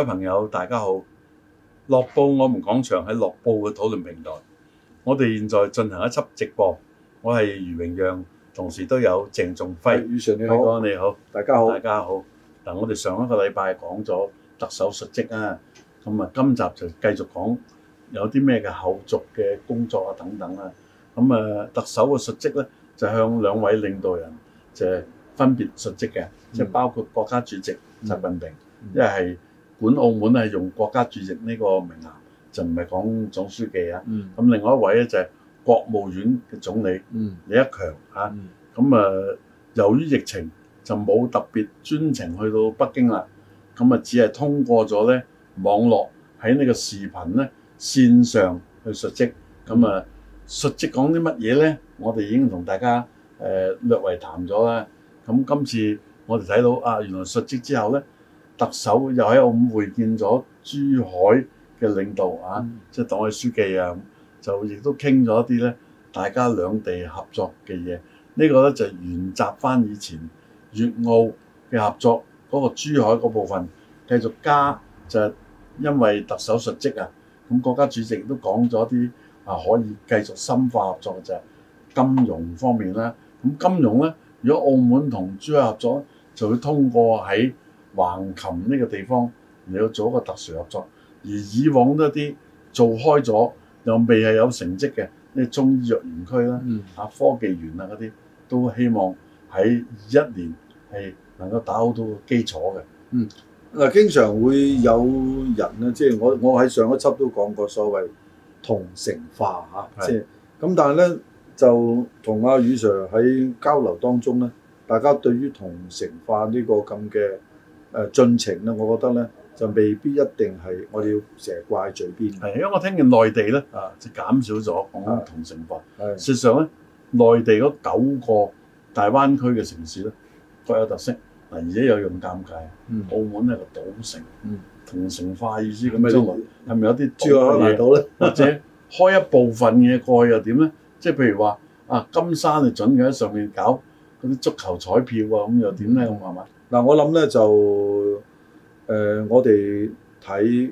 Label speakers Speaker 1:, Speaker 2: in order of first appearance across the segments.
Speaker 1: 各位朋友，大家好！樂報我，我們講場喺樂報嘅討論平台，我哋現在進行一輯直播。我係余榮陽，同時都有鄭仲輝。余常哥，哥，你好！大家好，大家好。嗱，我哋上一個禮拜講咗特首述職啊，咁、嗯、啊，今集就繼續講有啲咩嘅後續嘅工作啊，等等啦、啊。咁、嗯、啊，特首嘅述職呢，就向兩位領導人就分別述職嘅，即、嗯、包括國家主席習近平，一係、嗯。為本澳門係用國家主席呢個名額，就唔係講總書記啊。咁、嗯、另外一位咧就係國務院嘅總理、嗯、李克強啊。咁、嗯、啊，由於疫情就冇特別專程去到北京啦。咁啊，只係通過咗咧網絡喺呢個視頻咧線上去述職。咁啊，述職講啲乜嘢咧？我哋已經同大家誒、呃、略為談咗啦。咁今次我哋睇到啊，原來述職之後咧。特首又喺澳門會見咗珠海嘅領導啊，即係黨委書記啊，就亦都傾咗一啲呢，大家兩地合作嘅嘢。呢、這個呢，就係彙集翻以前粵澳嘅合作嗰、那個珠海嗰部分，繼續加就因為特首述職啊，咁國家主席都講咗啲啊，可以繼續深化合作嘅。就係、是、金融方面啦，咁金融呢，如果澳門同珠海合作，就會通過喺橫琴呢個地方，你要做一個特殊合作。而以往一啲做開咗又未係有成績嘅，呢中醫藥園區啦，啊、嗯、科技園啊嗰啲，都希望喺二一年係能夠打好到基礎嘅。嗯，嗱、啊，經常會有人咧，即係、嗯、我我喺上一輯都講過所謂同城化嚇，即係咁，但係咧就同阿、啊、宇 Sir 喺交流當中咧，大家對於同城化呢個咁嘅誒進程咧，我覺得咧就未必一定係我哋要成日掛喺嘴邊。係因為我聽見內地咧啊，就減少咗講同城化。事的實咧，的內地嗰九個大灣區嘅城市咧，各有特色。嗱，而且有用。尷尬，嗯、澳門係個賭城，嗯、同城化意思咁樣，係咪有啲諸多嘢到咧？或者 開一部分嘢過去又點咧？即係譬如話啊，啊，金山就準嘅喺上面搞嗰啲足球彩票啊，咁又點咧？咁係咪？嗯嗱、呃，我諗咧就誒，我哋睇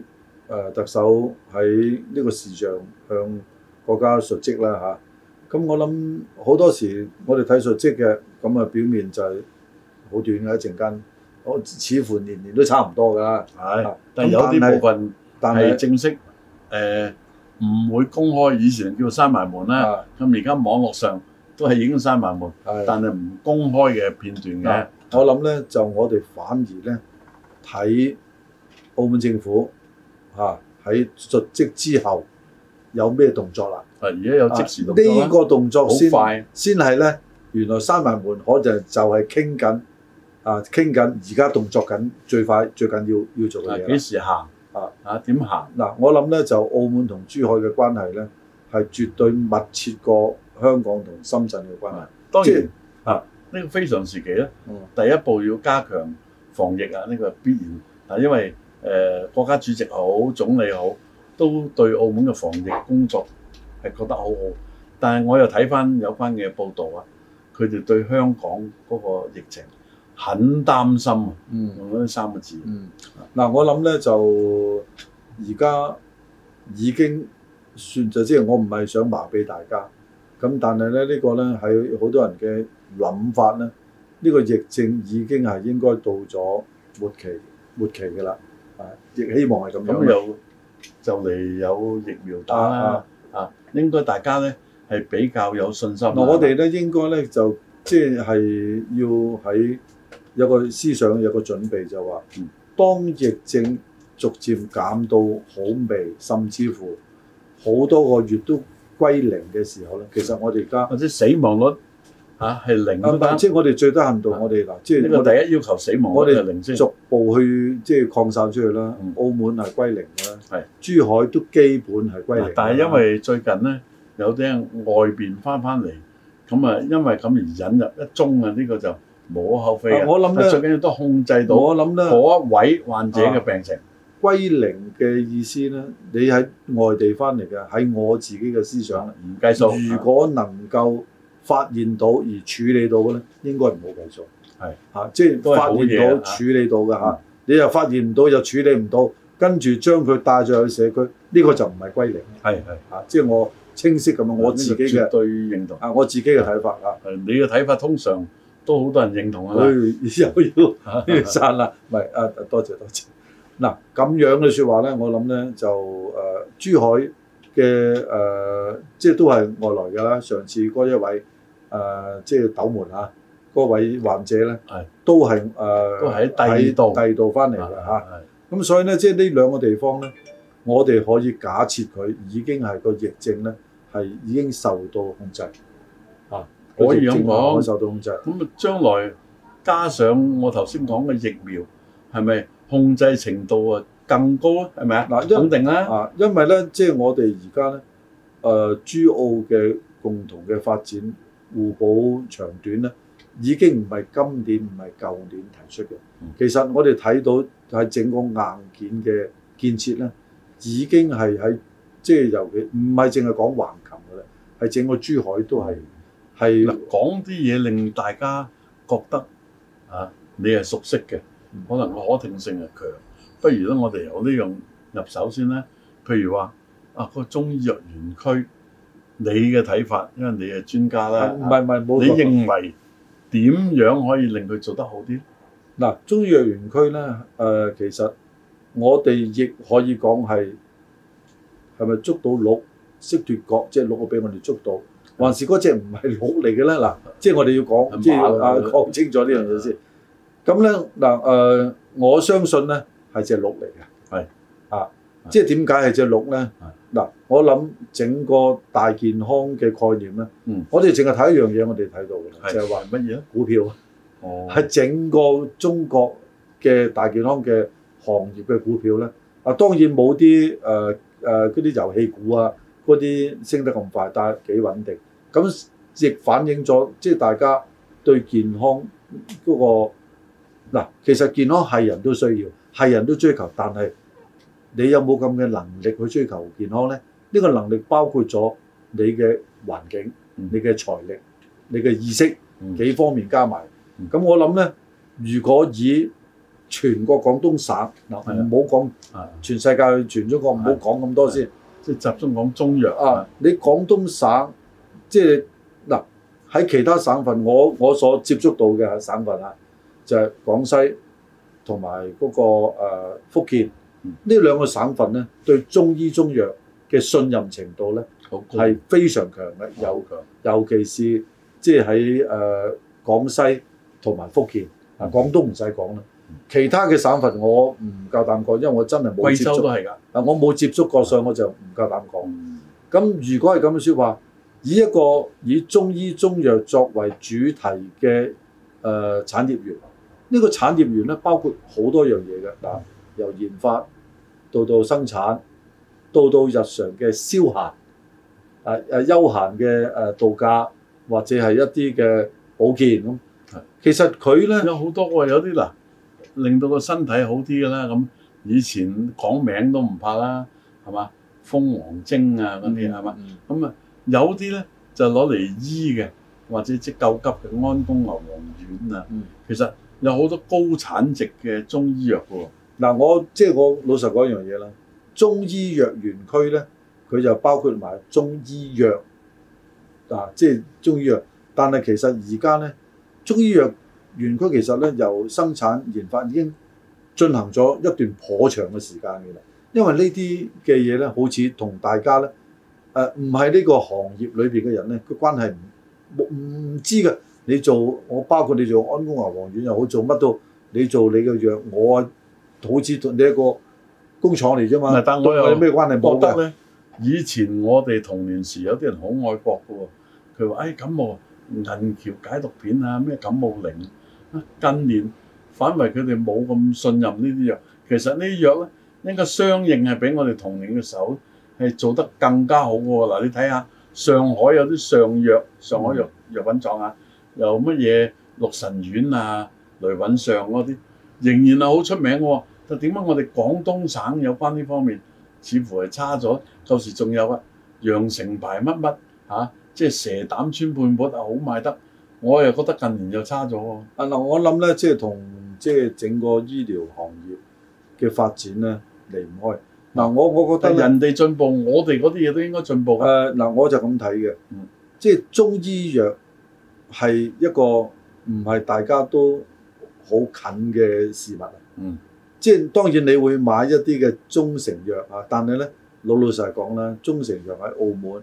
Speaker 1: 誒特首喺呢個事上向國家述職啦嚇。咁、啊、我諗好多時我哋睇述職嘅咁啊，表面就係好短嘅一陣間，我似乎年年都差唔多㗎。但咁有啲部分但係正式誒唔是、呃、會公開，以前叫閂埋門啦。咁而家網絡上都係已經閂埋門，是但係唔公開嘅片段嘅。我諗咧，就我哋反而咧，睇澳門政府嚇喺、啊、述職之後有咩動作啦。係而家有即時動作呢、啊，呢個動作先先係咧，原來閂埋門，我就就係傾緊啊，傾緊而家動作緊，最快最緊要要做嘅嘢。幾時行啊？啊，點行？嗱、啊，我諗咧就澳門同珠海嘅關係咧，係絕對密切過香港同深圳嘅關係。當然啊。呢個非常時期咧，第一步要加強防疫啊！呢個必然啊，因為誒、呃、國家主席好，總理好，都對澳門嘅防疫工作係覺得好好。但係我又睇翻有關嘅報道啊，佢哋對香港嗰個疫情很擔心啊！嗯、用嗰三個字。嗱、嗯嗯啊，我諗呢就而家已經算就知，我唔係想麻痹大家。咁但係咧，呢、呢個呢係好多人嘅。諗法咧，呢、呢個疫症已經係應該到咗末期末期㗎啦，啊！亦希望係咁樣。有又就嚟有疫苗打啦、啊，啊！應該大家呢係比較有信心。嗯、吧我哋呢應該呢就即係要喺有個思想有個準備就，就話當疫症逐漸減到好微，甚至乎好多個月都歸零嘅時候呢，其實我哋而家或者死亡率。嚇，係零都得。即係我哋最低限度，我哋嗱，即係我第一要求死亡，我哋逐步去即係擴散出去啦。澳門係歸零㗎，係珠海都基本係歸零。但係因為最近咧，有啲人外邊翻翻嚟，咁啊，因為咁而引入一宗啊，呢個就無可厚非。我諗咧，最緊要都控制到嗰一位患者嘅病情。歸零嘅意思咧，你喺外地翻嚟嘅，喺我自己嘅思想，唔計數。如果能夠發現到而處理到嘅咧，應該唔好計數。係嚇，即係發現到處理到嘅嚇，你又發現唔到又處理唔到，跟住將佢帶上去社區，呢個就唔係歸零。係係嚇，即係我清晰咁樣我自己嘅絕對認同啊，我自己嘅睇法啊。你嘅睇法通常都好多人認同啊。誒，又要散啦，唔係啊，多謝多謝。嗱，咁樣嘅説話咧，我諗咧就誒，珠海嘅誒，即係都係外來㗎啦。上次嗰一位。誒、呃、即係斗門啊，嗰位患者咧都係誒、呃、都喺第二度第二度翻嚟啦嚇，咁是、啊嗯、所以咧即係呢兩個地方咧，我哋可以假設佢已經係個疫症咧係已經受到控制啊。可以咁講受到控制。咁啊，將來加上我頭先講嘅疫苗，係咪控制程度啊更高咧？係咪啊？肯定啦。啊，因為咧即係我哋而家咧誒珠澳嘅共同嘅發展，互補長短咧，已經唔係今年唔係舊年提出嘅。其實我哋睇到係整個硬件嘅建設咧，已經係喺即係尤其唔係淨係講橫琴嘅啦，係整個珠海都係係。嗱、嗯，講啲嘢令大家覺得啊，你係熟悉嘅，可能個可聽性係強。不如咧，我哋由呢樣入手先咧。譬如話啊，個中醫藥園區。你嘅睇法，因為你係專家啦，唔係唔係冇錯。你認為點樣可以令佢做得好啲咧？嗱，中藥園區咧，誒，其實我哋亦可以講係係咪捉到鹿識脱角，即係鹿俾我哋捉到，還是嗰隻唔係鹿嚟嘅咧？嗱，即係我哋要講，即係啊講清楚呢樣嘢先。咁咧，嗱，誒，我相信咧係隻鹿嚟嘅，係啊，即係點解係隻鹿咧？嗱，我諗整個大健康嘅概念咧，嗯、我哋淨係睇一樣嘢，我哋睇到嘅就係話乜嘢股票啊，係哦整個中國嘅大健康嘅行業嘅股票咧。啊，當然冇啲誒誒嗰啲遊戲股啊，嗰啲升得咁快，但係幾穩定。咁亦反映咗即係大家對健康嗰、嗰個嗱，其實健康係人都需要，係人都追求，但係。你有冇咁嘅能力去追求健康呢？呢、呢個能力包括咗你嘅環境、嗯、你嘅財力、你嘅意識幾方面加埋。咁、嗯、我諗呢，如果以全國廣東省嗱，唔好講全世界的全中國，唔好講咁多先，即係集中講中藥啊！的你廣東省即係嗱喺其他省份，我我，我所接觸到嘅省份啦，就係、係、廣西同埋嗰個誒福建。呢兩個省份咧對中醫中藥嘅信任程度咧係好非常強嘅，有強，尤其是即係喺誒廣西同埋福建啊，廣東唔使講啦。其他嘅省份我唔夠膽講，因為我真係冇接觸都係㗎。我冇接觸過，所以我就唔夠膽講。咁、嗯、如果係咁樣説話，以一個以中醫中藥作為主題嘅誒、呃、產業園，呢、這個產業園咧包括好多樣嘢嘅，由研發。到到生產，到到日常嘅消閒，啊啊休閒嘅誒度假，或者係一啲嘅保健咁。其實佢咧有好多喎，有啲嗱令到個身體好啲嘅啦。咁以前講名都唔怕啦，係嘛？蜂王精啊嗰啲係嘛？咁啊有啲咧就攞嚟醫嘅，或者即救急嘅安宮牛黃丸啊。其實有好多高產值嘅中醫藥㗎喎。嗱，我即係我老實講一樣嘢啦。中醫藥園區咧，佢就包括埋中醫藥啊，即係中醫藥。但係其實而家咧，中醫藥園區其實咧由生產研發已經進行咗一段頗長嘅時間嘅啦。因為呢啲嘅嘢咧，好似同大家咧誒唔係呢個行業裏邊嘅人咧，佢關係唔唔知㗎。你做我包括你做安宮牛黃丸又好做乜都，你做你嘅藥我。好似你一個工廠嚟啫嘛，但係有咩關係冇得咧？以前我哋童年時有啲人好愛國嘅喎，佢話，哎感冒銀翹解毒片啊，咩感冒靈啊，近年反為佢哋冇咁信任呢啲藥。其實呢啲藥咧，應該相應係比我哋童年嘅時候係做得更加好喎。嗱、啊，你睇下上海有啲上藥、上海藥、嗯、藥品廠啊，有乜嘢六神丸啊、雷允上嗰啲。仍然係好出名喎，但點解我哋廣東省有關呢方面似乎係差咗？舊時仲有什麼什麼啊，羊城牌乜乜嚇，即係蛇膽川貝末啊，好賣得。我又覺得近年又差咗喎。啊嗱，我諗呢，即係同即係整個醫療行業嘅發展呢，離唔開。嗱、啊，我我覺得人哋進步，我哋嗰啲嘢都應該進步啊。嗱、啊，我就咁睇嘅，嗯、即係中醫藥係一個唔係大家都好近嘅事物啊！嗯，即係當然你會買一啲嘅中成藥啊，但係咧，老老實講啦，中成藥喺澳門誒、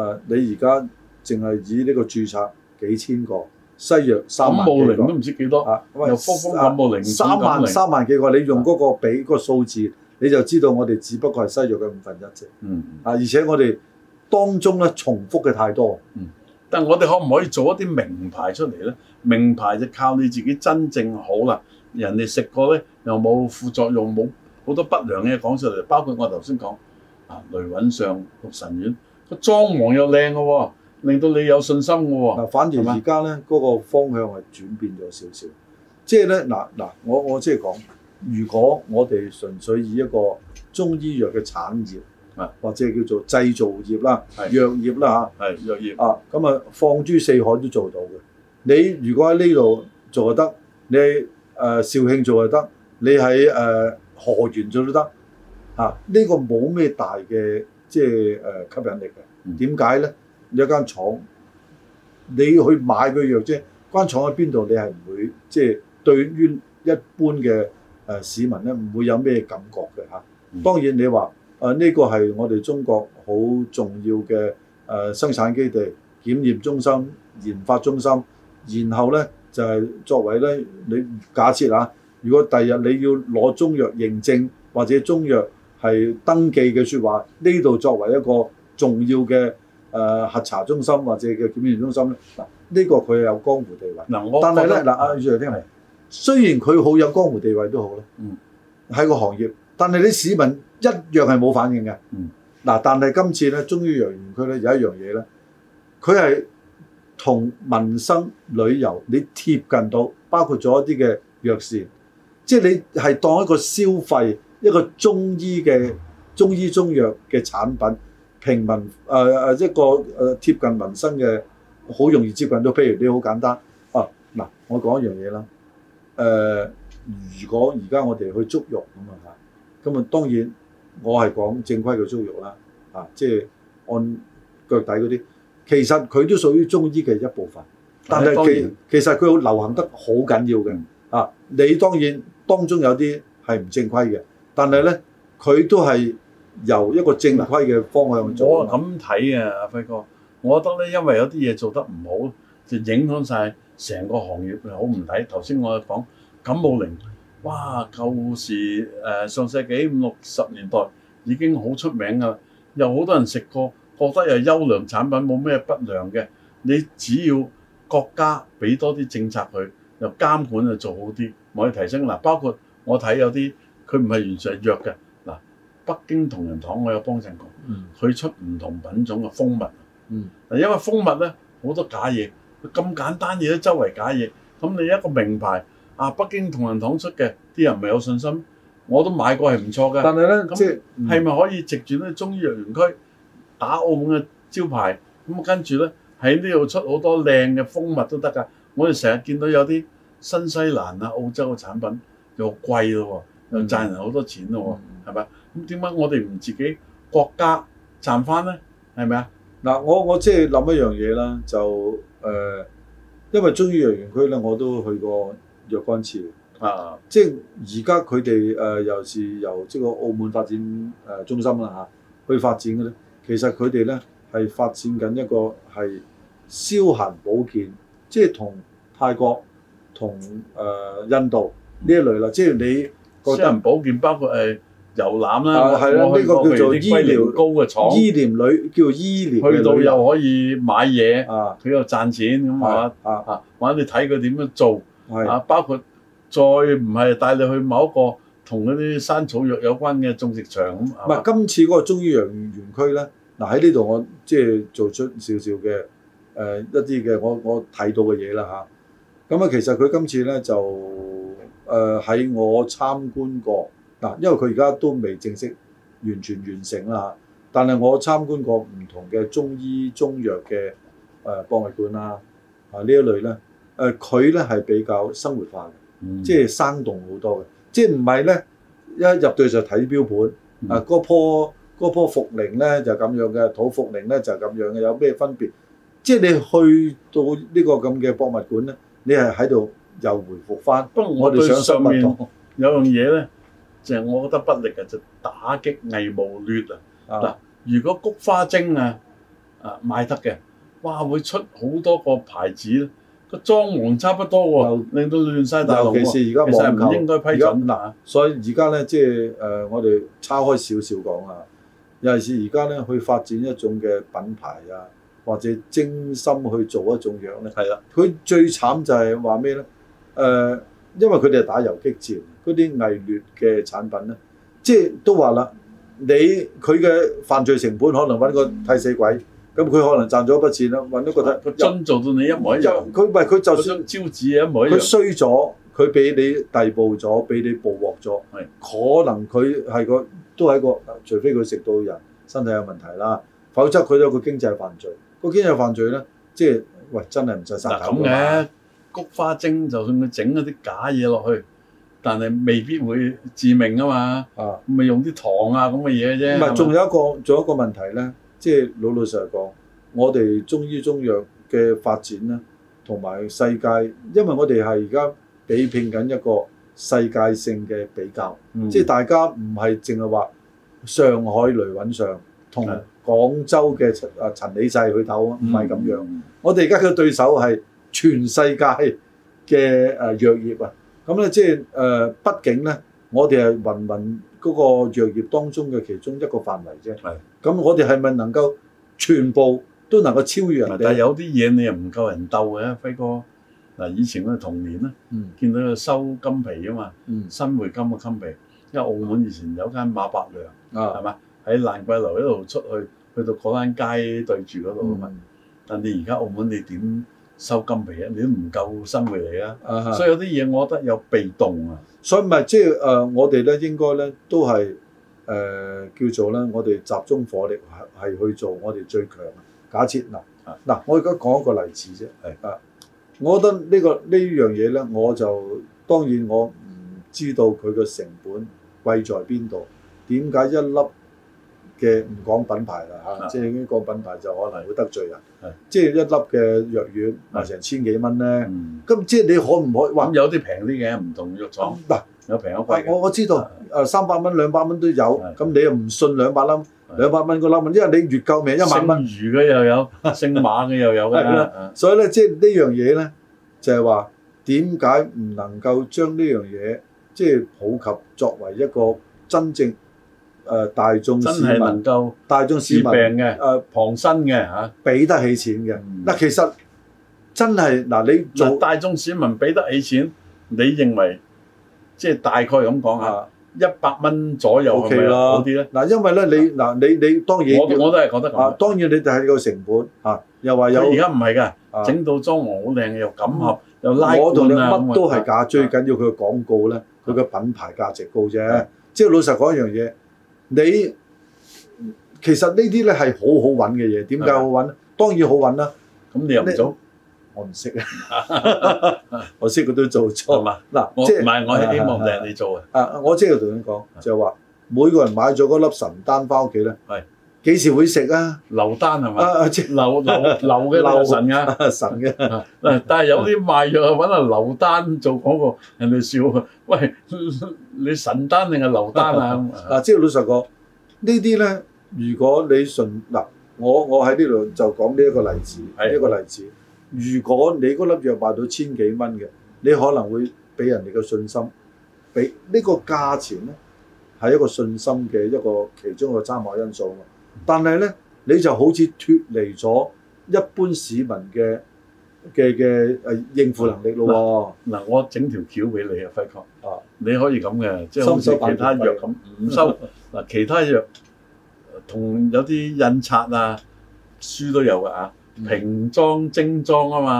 Speaker 1: 啊，你而家淨係以呢個註冊幾千個西藥三萬幾個都唔知幾多啊？咁、嗯、啊，三萬三萬幾個，你用嗰個比個數字，啊、你就知道我哋只不過係西藥嘅五分一啫。嗯嗯。啊，而且我哋當中咧重複嘅太多。嗯。但我哋可唔可以做一啲名牌出嚟呢？名牌就靠你自己真正好啦，人哋食過呢，又冇副作用，冇好多不良嘢講出嚟。包括我頭先講雷允上六神丸個裝潢又靚嘅喎，令到你有信心嘅喎、哦。反而而家呢，嗰吧個方向係轉變咗少少，即係呢，嗱嗱，我我即係講，如果我哋純粹以一個中醫藥嘅產業。或者叫做製造業啦、的藥業啦嚇，藥業啊咁啊，放諸四海都做到嘅。你如果喺呢度做得，你誒肇慶做又得，你喺誒河源做都得嚇。呢、啊這個冇咩大嘅即係誒吸引力嘅。點解咧？有間、嗯、廠，你去買嗰藥啫。間廠喺邊度，你係唔會即係對於一般嘅誒、呃、市民咧，唔會有咩感覺嘅嚇、啊。當然你話。啊，呢、呃這個係我哋中國好重要嘅誒、呃、生產基地、檢驗中心、研發中心，然後呢，就係、是、作為呢，你假設啊，如果第日你要攞中藥認證或者中藥係登記嘅説話，呢度作為一個重要嘅誒、呃、核查中心或者嘅檢驗中心呢、這個佢有江湖地位。嗱、嗯、但係呢，嗱，阿宇、嗯、雖然佢好有江湖地位都好咧，嗯，喺個行業，但係你市民。一樣係冇反應嘅。嗱，但係今次咧，中醫藥園區咧有一樣嘢咧，佢係同民生旅遊你貼近到，包括咗一啲嘅藥膳，即係你係當一個消費一個中醫嘅中醫中藥嘅產品，平民誒誒、呃、一個誒貼近民生嘅，好容易接近到。譬如你好簡單啊，嗱，我講一樣嘢啦，誒、呃，如果而家我哋去足浴咁啊嚇，咁啊當然。我係講正規嘅足浴啦，啊，即係按腳底嗰啲，其實佢都屬於中醫嘅一部分。但係其然其實佢好流行得好緊要嘅，啊，你當然當中有啲係唔正規嘅，但係咧佢都係由一個正規嘅方向做。我咁睇啊，阿輝哥，我覺得咧，因為有啲嘢做得唔好，就影響晒成個行業係好唔睇。頭先我講感冒靈。哇！舊時誒，上世紀五六十年代已經好出名㗎，有好多人食過，覺得有優良產品，冇咩不良嘅。你只要國家俾多啲政策佢，又監管又做好啲，我可以提升嗱。包括我睇有啲佢唔係完全係藥嘅嗱，北京同仁堂我有幫襯過，佢出唔同品種嘅蜂蜜。嗯，嗱，因為蜂蜜咧好多假嘢，咁簡單嘢都周圍假嘢，咁你一個名牌。啊！北京同仁堂出嘅啲人咪有信心，我都買過係唔錯嘅。但係咧，咁係咪可以直轉咧？中醫藥園區打澳門嘅招牌，咁跟住咧喺呢度出好多靚嘅蜂蜜都得㗎。我哋成日見到有啲新西蘭啊、澳洲嘅產品又貴咯，又賺人好多錢咯，係咪、嗯？咁點解我哋唔自己國家賺翻咧？係咪啊？嗱，我我即係諗一樣嘢啦，就誒、呃，因為中醫藥園區咧，我都去過。若干次啊！即係而家佢哋誒又是由即個澳門發展誒中心啦嚇去發展嘅咧，其實佢哋咧係發展緊一個係消閒保健，即係同泰國同誒印度呢一類啦。即係你消閒保健包括係遊覽啦，係啦，呢個叫做醫療高嘅廠，醫療旅叫做醫療，去到又可以買嘢，佢又賺錢咁 啊！啊，或者你睇佢點樣做？係啊，是包括再唔係帶你去某一個同嗰啲山草藥有關嘅種植場咁。唔係今次嗰個中醫藥園區咧，嗱喺呢度我即係做出少少嘅誒、呃、一啲嘅我我睇到嘅嘢啦嚇。咁啊，其實佢今次咧就誒喺、呃、我參觀過嗱、啊，因為佢而家都未正式完全完成啦。但係我參觀過唔同嘅中醫中藥嘅誒博物館啊啊呢一類咧。誒佢咧係比較生活化嘅，即係生動好多嘅。即係唔係咧？一入到就睇標本 啊！嗰棵嗰棵茯苓咧就咁樣嘅，土茯苓咧就咁樣嘅，有咩分別？即係你去到呢個咁嘅博物館咧，你係喺度又回覆翻。不過我哋想我上面么有樣嘢咧，就係、是、我覺得不力嘅，就是、打擊偽冒劣啊嗱。如果菊花精啊啊賣得嘅，哇會出好多個牌子咯。個裝潢差不多喎，哦，啊、令到亂晒大陸尤、啊、其是而家唔網購、啊，所以而家咧即係誒，我哋叉開少少講啊。尤其是而家咧，去發展一種嘅品牌啊，或者精心去做一種藥咧。係啦的，佢最慘就係話咩咧？誒、呃，因為佢哋係打游擊戰，嗰啲偽劣嘅產品咧，即、就、係、是、都話啦，你佢嘅犯罪成本可能揾個替死鬼。嗯咁佢可能賺咗一筆錢啦，揾到個底，個樽做到你一模一樣。佢唔係佢就算招紙一模一樣，佢衰咗，佢俾你逮捕咗，俾你捕獲咗，可能佢係個都係個，除非佢食到人身體有問題啦，否則佢都有個經濟犯罪。個經濟犯罪咧，即係喂真係唔使殺狗㗎嘛。菊花精就算佢整嗰啲假嘢落去，但係未必會致命啊嘛。啊，咪用啲糖啊咁嘅嘢啫。唔係，仲有一個仲有一個問題咧。即係老老實實講，我哋中醫中藥嘅發展咧，同埋世界，因為我哋係而家比拼緊一個世界性嘅比較，即係、嗯、大家唔係淨係話上海雷允上，同廣州嘅陳啊的、呃、陳李濟去鬥啊，唔係咁樣。嗯嗯、我哋而家嘅對手係全世界嘅誒、呃、藥業啊，咁咧即係誒，畢竟咧，我哋係雲雲。嗰個藥業當中嘅其中一個範圍啫，咁是我哋係咪能夠全部都能夠超越人哋？但係有啲嘢你又唔夠人鬥嘅，輝哥嗱，以前我哋童年咧，嗯、見到佢收金皮啊嘛，嗯、新會金嘅金皮，因為澳門以前有間馬百良啊，係嘛、嗯，喺蘭桂樓一路出去，去到果欄街對住嗰度啊嘛，嗯、但你而家澳門你點？收金皮啊！你都唔夠生去理啦，所以有啲嘢我覺得有被動啊。所以唔係即係誒，我哋咧應該咧都係誒、呃、叫做咧，我哋集中火力係係去做我哋最強啊。假設嗱嗱、呃是呃，我而家講一個例子啫。係啊是、呃，我覺得、這個這個這個、呢個呢樣嘢咧，我就當然我唔知道佢嘅成本貴在邊度，點解一粒？嘅唔講品牌啦嚇，即係呢個品牌就可能會得罪人。即係一粒嘅藥丸，嗱成千幾蚊咧。咁即係你可唔可以話？咁有啲平啲嘅，唔同藥廠。嗱，有平有貴。我我知道，誒三百蚊、兩百蚊都有。咁你又唔信兩百蚊？兩百蚊個粒問，因為你越救命一萬蚊。姓魚嘅又有，姓馬嘅又有㗎啦。所以咧，即係呢樣嘢咧，就係話點解唔能夠將呢樣嘢即係普及作為一個真正？誒大眾市民，大眾市民誒旁身嘅嚇，俾得起錢嘅嗱，其實真係嗱，你做大眾市民俾得起錢，你認為即係大概咁講嚇，一百蚊左右 OK 啊啲咧？嗱，因為咧你嗱你你當然我我都係講得咁，當然你就係個成本啊，又話有而家唔係㗎，整到裝潢好靚嘅又緊又拉高，我同你乜都係假，最緊要佢個廣告咧，佢個品牌價值高啫。即係老實講一樣嘢。你其實呢啲咧係好好揾嘅嘢，點解好揾？當然好揾啦。咁你又唔做？我唔識啊，我識佢都做錯。嗱，即係唔係？我係希望你哋做嘅。啊，我即係同你講，就係話每個人買咗嗰粒神丹翻屋企咧。幾時會食啊？劉丹係咪啊？即係劉劉劉嘅劉神㗎神嘅，但係有啲賣藥揾啊劉丹做嗰、那個， 人哋笑啊！喂，你神丹定係劉丹啊？嗱、啊，即係老實講，呢啲咧，如果你純嗱、啊，我我喺呢度就講呢一個例子，一的個例子。如果你嗰粒藥賣到千幾蚊嘅，你可能會俾人哋嘅信心，俾呢個價錢咧係一個信心嘅一個其中嘅參考因素。但係咧，你就好似脱離咗一般市民嘅嘅嘅誒應付能力咯。嗱、啊，我整條橋俾你啊，輝哥。啊，你可以咁嘅，即、就、係、是、好似其他藥咁唔、啊、收。嗱， 其他藥同有啲印刷啊書都有㗎啊，平裝精裝啊嘛。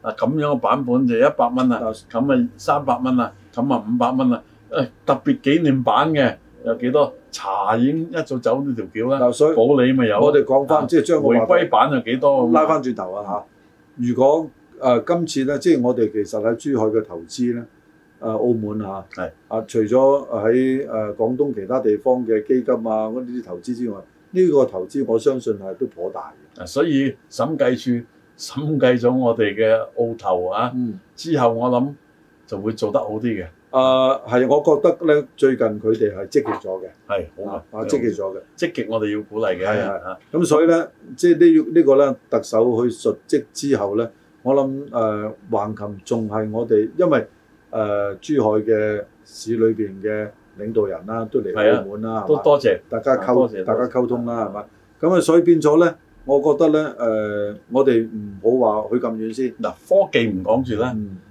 Speaker 1: 啊咁、嗯、樣嘅版本就一百蚊啊，咁啊三百蚊啊，咁啊五百蚊啊，誒、哎、特別紀念版嘅有幾多？茶已經一早走呢條橋啦，所以保你咪有。我哋講翻即係將個規版又幾多？拉翻轉頭啊嚇！啊如果誒、啊、今次咧，即係我哋其實喺珠海嘅投資咧，誒、啊、澳門嚇，係啊，是啊，除咗喺誒廣東其他地方嘅基金啊嗰啲投資之外，呢、這個投資我相信係都頗大嘅、啊。所以審計處審計咗我哋嘅澳投啊，嗯、之後我諗就會做得好啲嘅。誒係，我覺得咧最近佢哋係積極咗嘅，係好嘅，啊積極咗嘅，積極我哋要鼓勵嘅，係係啊。咁所以咧，即係呢呢個咧，特首去述職之後咧，我諗誒橫琴仲係我哋，因為誒珠海嘅市裏邊嘅領導人啦，都嚟澳門啦，都多謝大家溝大家溝通啦，係嘛。咁啊，所以變咗咧，我覺得咧誒，我哋唔好話去咁遠先。嗱，科技唔講住啦。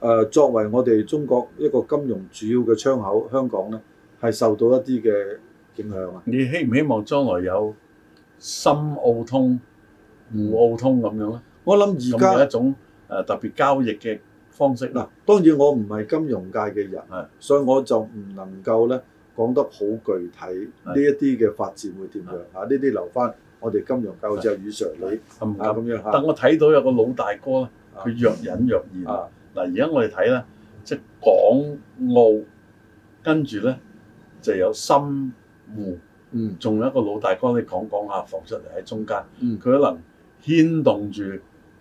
Speaker 1: 誒，作為我哋中國一個金融主要嘅窗口，香港咧係受到一啲嘅影響啊！你希唔希望將來有深澳通、唔澳通咁樣咧？我諗而家仲係一種誒特別交易嘅方式啦。當然我唔係金融界嘅人，所以我就唔能夠咧講得好具體呢一啲嘅發展會點樣啊？呢啲留翻我哋金融界與常理啊咁樣。但我睇到有個老大哥咧，佢若隱若現。嗱，而家我哋睇咧，即係港澳，跟住咧就有深滬，嗯，仲有一個老大哥，你講講下浮出嚟喺中間，佢可能牽動住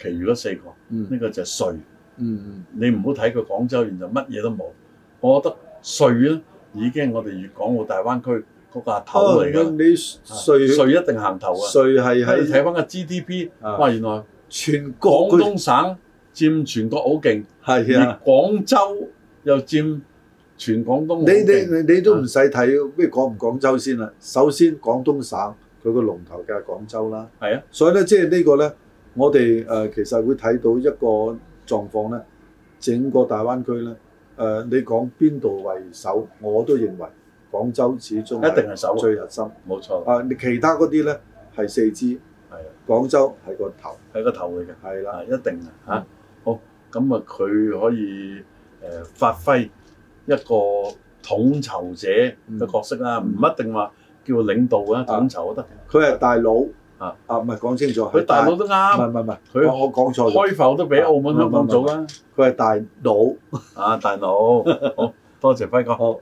Speaker 1: 其餘嗰四個，呢個就係穗，嗯，你唔好睇佢廣州人就乜嘢都冇，我覺得穗咧已經係我哋粵港澳大灣區嗰個頭嚟嘅哦，唔你穗，穗一定行頭啊，穗係喺睇翻個 GDP，哇，原來全廣東省。佔全國好勁，係啊！而廣州又佔全廣東，你你你你都唔使睇咩廣唔廣州先啦。首先廣東省佢個龍頭梗係廣州啦，係啊。所以咧，即係呢個咧，我哋誒其實會睇到一個狀況咧，整個大灣區咧，誒你講邊度為首，我都認為廣州始終一定係首，最核心，冇錯。啊，你其他嗰啲咧係四肢，係啊，廣州係個頭，係個頭嚟嘅，係啦，一定啊嚇。咁啊，佢可以誒發揮一個統籌者嘅角色啦，唔一定話叫領導啊統籌都得。佢係大佬啊啊，唔係講清楚，佢大佬都啱。唔係唔係，佢我講錯咗。開埠都比澳門香港早啦。佢係大佬啊，大佬，好，多謝輝哥。